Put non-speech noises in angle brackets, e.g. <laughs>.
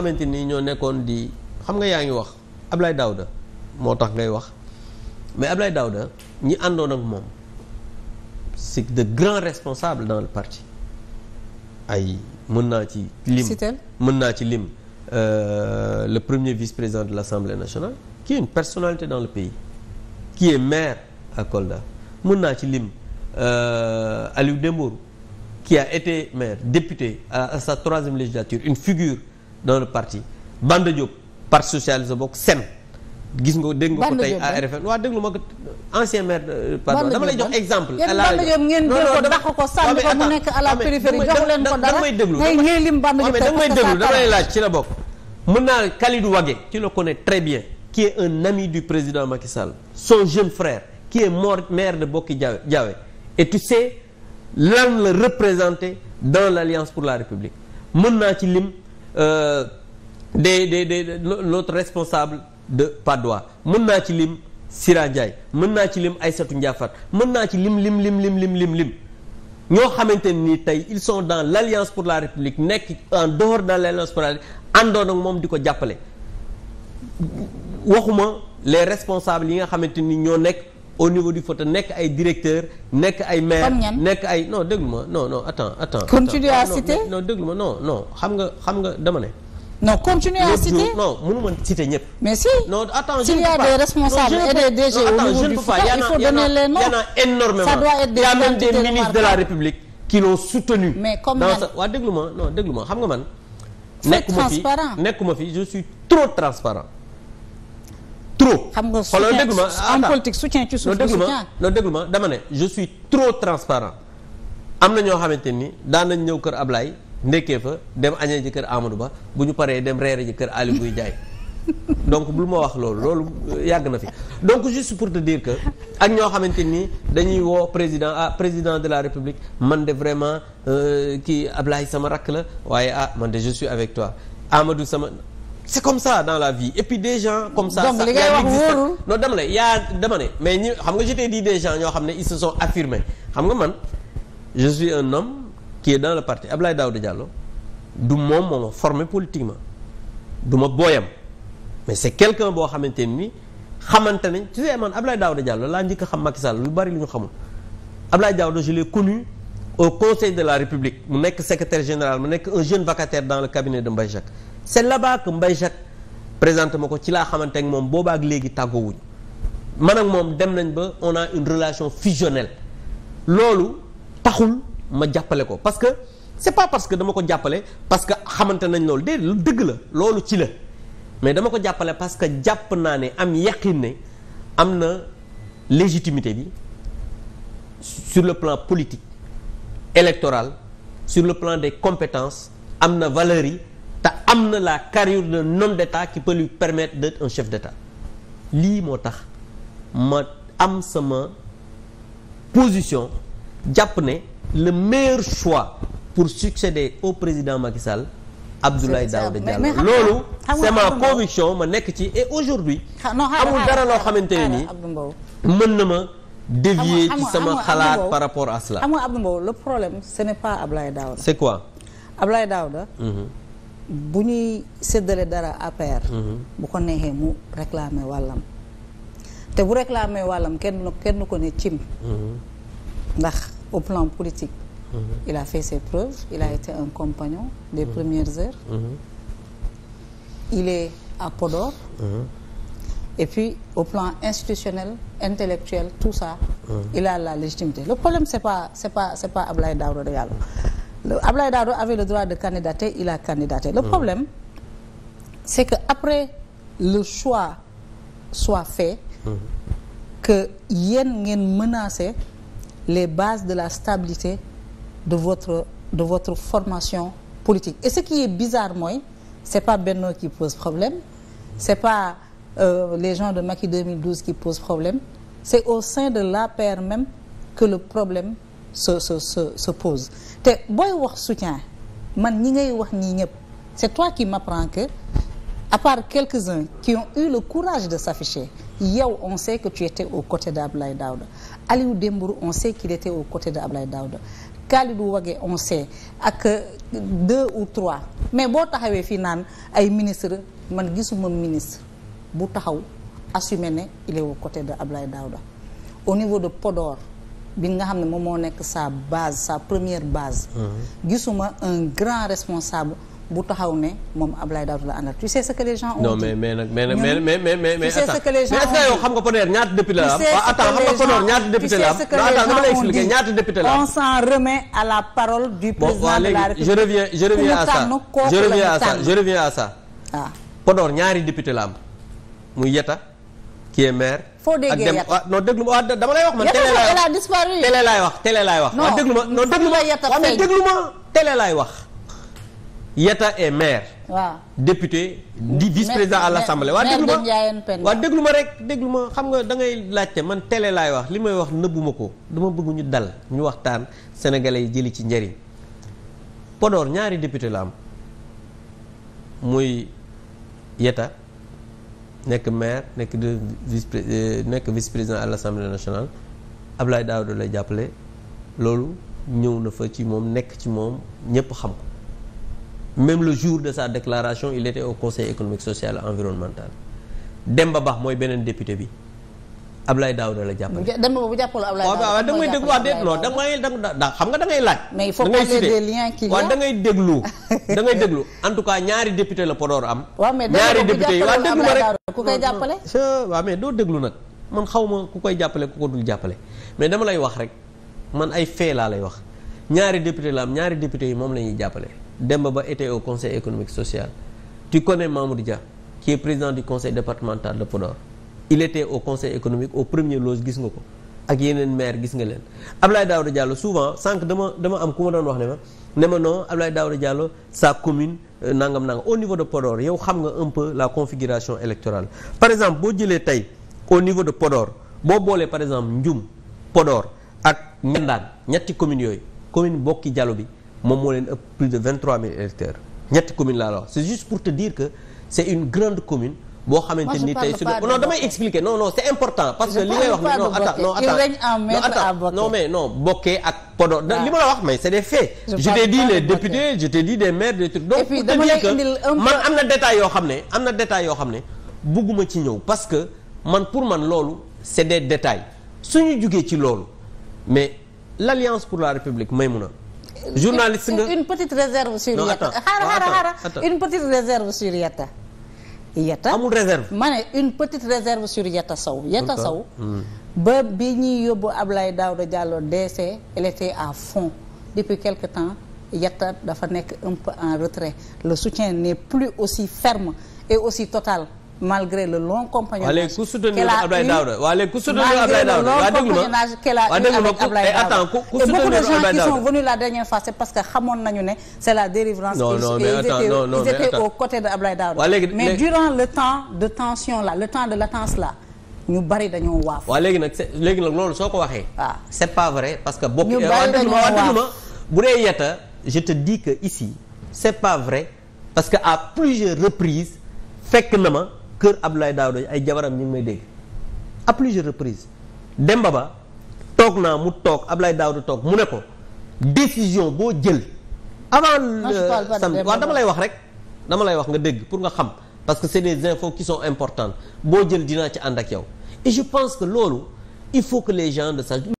xamante ni ñoo nekkoon di xam nga yaa ngi wax Ablaye Daouda moo tax ngay wax mais Ablaye Daouda ñi àndoon ak moom c'est de grands responsables dans le parti ay mën naa ci lim mën naa ci lim euh, le premier vice-président de l'Assemblée nationale qui est une personnalité dans le pays ki est maire à Kolda naa ci lim euh, Aliou Dembourou qui a été maire député à sa troisième législature une figure dans le parti Banda Diop parti socialiste bokk sen gis nga dégg nga ko tey ARFM waaw déglu ma ko ancien maire euh, pardon dama lay jox exemple Banda Diop ngeen jël ko dàq ko sànni ko mu nekk à la périphérie jox leen ko dara ngay lim Banda Diop danga may déglu dama lay laaj ci la bokk mën naa Khalidou Wagué tu le connais très bien qui est un ami du président Macky Sall son jeune frère qui est mort maire de Bokki Diawé Diawé et tu sais lan la représenté dans l'Alliance pour la République mën naa euh, de des des l'autre responsable de Padoa mën naa ci lim Sira Ndiaye mën naa ci lim ay Aïssatou Ndiafat mën naa ci lim lim lim lim lim lim lim ñoo xamante ni tey il sont dans l'alliance pour la république nekk en dehors dans l'alliance pour la république àndoon moom di ko jàppale waxuma les responsables yi nga xamante ni ñoo nekk au niveau du Fouta nekk ay directeur nekk ay maire nekk ay non déglu ma non non attends attends continue ah, à citer non déglu ma non non xam nga xam nga dama ne non continue à citer ma citer ñëpp mais si non attends s'il y a des responsables et des DG au niveau du faut donner les a énormément ça doit être des ma non ma xam nga man nekkuma fi nekkuma fi je suis trop transparent trop. xam nga soutien en politique soutien ci suuf. soutien non déglu ma dama ne je suis trop transparent am na ñoo xamante ni daan nañ ñëw kër Ablaye ndekkee fa dem añee ji kër Amadou Ba bu ñu paree dem reere ji kër Aliou Guèye Ndiaye <laughs> donc bul ma wax loolu loolu euh, yàgg na fi donc juste pour te dire que ak ñoo xamante ni dañuy woo président ah président de la république man de vraiment euh, kii Ablaye sama rakk la waaye ah man de je suis avec toi Amadou sama. c'est comme ça dans la vie et puis des gens comme ça. donc li ngay wax wóorul non dama yaa dama mais ñu xam nga je t'ai des gens ñoo xam ne ils se sont affirmés xam nga man je suis un homme qui est dans le parti Abdoulaye Daouda Diallo du moom moo ma formé politiquement du ma booyam mais c'est quelqu'un boo xamante ni xamante nañ tu sais man Abdoulaye Daouda Diallo laa njëkk xam Macky Sall lu bari lu ñu xamul Abdoulaye Daouda je l'ai connu au conseil de la République mu nekk secrétaire général nekk un jeune vacataire dans le cabinet de Mbaye c'est là-bas que Mbaye Jacques présenté ma ko ci laa xamante ak moom boobaak léegi tàggoowuñu man ak moom dem nañ ba on a une relation fusionnelle loolu taxul ma jàppale ko parce que c'est pas parce que dama ko jàppale parce que xamante nañ loolu dé dëgg la loolu ci la mais dama ko jàppale parce que jàpp naa ne am yaqin ne am na légitimité bi sur le plan politique électoral sur le plan de compétence am na valeur yi te am na la carrière d'un homme d'État qui peut lui permettre d'être un chef d'État lii moo tax ma am sama position jàpp ne le meilleur choix pour succéder o président Macky Sall Abdoulaye Daouda Diallo loolu c'est ma conviction ma nekk ci et aujourd'hui amul dara loo xamante ne nii mën na ma dévier ci sama xalaat par rapport à cela xam nga Mbow le problème ce n'est pas Abdoulaye Daouda c'est quoi Abdoulaye Daouda mm-hmm. bu ñuy séddale dara APR. Mhm. bu ko neexee mu réclamer wàllam te bu réclamer wàllam kenn kenn ko ne cim. Mhm. ndax au plan politique. Mhm. il a fait ses preuves il a été un compagnon des première heures. il est à Podor. et puis au plan institutionnel intellectuel tout ça. il a la légitimité le problème c'est pas c'est pas c'est pas Abdoulaye Daouda Abdoulaye Daouda avait le droit de candidater il a candidaté le problème c'est que après le choix soit fait que yéen ngeen menacer les bases de la stabilité de votre de votre formation politique et ce qui est bizarre mooy c'est pas Benno qui pose problème c'est pas euh, les gens de Macky 2012 qui posent problème c'est au sein de l'APR même que le problème se se se se pose te booy wax soutien man ñi ngay wax ñii ñëpp c'est toi qui m'apprends que à part quelques-uns qui ont eu le courage de s'afficher yow on sait au côté étais aux côtés d'Abdoulaye Daouda Aliou Dembourou on sait qu'il était aux côtés d'Abdoulaye Daouda Kalidou Wagué on sait ak euh, deux ou trois mais boo taxawee fii naan ay ministre man gisuma ministre bu taxaw assumer ne il est aux côtés de Abdoulaye Daouda au niveau de Podor bi nga xam ne moom moo nekk sa base sa première base. Mm-hmm. gisuma un grand responsable bu taxaw ne moom Abdoulaye Daouda la àndal tu sais ce que les gens ont non mais mais mais mais mais mais mais mais yow xam nga Podor ñaata député la am. Ah, attends xam nga Podor ñaata député la am. tu sais ce que les gens dama lay expliquer ñaata député la am. on s'en remet à la parole du président de la République. je reviens je reviens à ça je reviens à ça ah. je reviens à ça. waaw Podor ñaari député la am muy Yeta. qui est maire. foo déggee yàq ak ah, dem non déglu ma ah, dama lay wax man. télé laay wax télé wax télé laay wax. non ah, déglu ma non déglu ma waaw mais déglu ma télé laay wax. Yata est maire. waaw di vice président à l'assemblée. waa déglu ma waa déglu ma rek déglu ma xam nga da laajte man télé laay wax li may wax nëbbuma ko dama bëgg ñu dal ñu waxtaan sénégalais yi jëli ci njëriñ Podor ñaari député la am muy Yata. nekk maire nekk de vice euh, nekk vice président à l' national nationale Abdoulaye Daouda lay jàppale loolu ñëw na fa ci moom nekk ci moom ñëpp xam ko même le jour de sa déclaration il était au conseil économique social et environnemental Demba Ba mooy beneen député bi. Ablaye Daouda la jàppale. bu jàppale Ablaye Daouda da ngay déglu wax déet lool da ngay da xam a waaw da ngay déglu da ngay déglu tout cas ñaari député la Podor am. waaw mais ñaari député yi waaw doo déglu nag man xaw ma ku koy jàppale ku ko dul jàppale mais dama lay wax rek man ay fee laa lay wax ñaari député la ñaari député yi moom la ñuy jàppale. Demba Ba était au conseil économique social tu connais Mamoudou Dia qui est président du conseil départemental de Podor. il était au conseil économique au premier loge gis nga ko ak yeneen maire gis nga leen Ablaye Daouda Diallo souvent sànq dama dama am ku ma doon wax ne ma ne ma non daaw Daouda Diallo sa commune euh, nangam nangam au niveau de Podor yow xam nga un la configuration électorale par exemple boo jëlee tey au niveau de Podor boo boolee par exemple njum podoor ak Ngendane ñetti commune yooyu commune bokki jalo bi moom moo leen ëpp plus de 23000 électeurs ñetti communes laa la wax c'est juste une grande commune boo xamante ni tey su non damay expliquer non c'est important parce que li may wax non attends non attends non mais non bokkee ak Podor ah. li ma la wax mais c'est des faits je t'ai dit les députés je t'ai man am na détail yoo xam ne am na détail yoo xam ne bugguma ci ñëw parce que man pour man loolu c'est des su suñu jugee ci loolu mais l'Alliance pour la République Maïmouna journaliste nga une petite réserve sur Yatta Yatta amul réserve ma ne une petite réserve sur Yatta Sow Yatta Sow ba bi ñuy yóbbu ab Ablaye Daouda Diallo décès elle était à fond depuis quelque temps Yatta dafa nekk un peu en retrait le soutien n'est plus aussi ferme et aussi total malgré le long compagnonnage. waaw léegi ku soutenir Abdoulaye Daouda waaw léegi ku soutenir Abdoulaye eh, ku et attends ku ku soutenir Abdoulaye Daouda et beaucoup de gens qui parce que xamoon nañu ne c'est la dérivance. non non mais attends non non mais attends ils étaient aux côtés de Abdoulaye Daouda. waaw léegi mais durant le soo ko waxee. waaw ah. parce que. bokk eh, ma bu dee yeta je te dis que ici c'est pas vrai parce que à plusieurs reprises fekk na ma. kër daaw Daouda ay jabaram ñu ngi may dégg à plusieurs reprises Demba Ba toog naa mu toog ab lay daaw Daouda toog mu ne ko décision boo jël avant samedi waa dama lay wax rek dama lay wax nga dégg pour nga xam parce que c'est des infos qui sont importantes boo jël dinaa ci ànd ak yow et je pense que loolu il faut que les gens le sa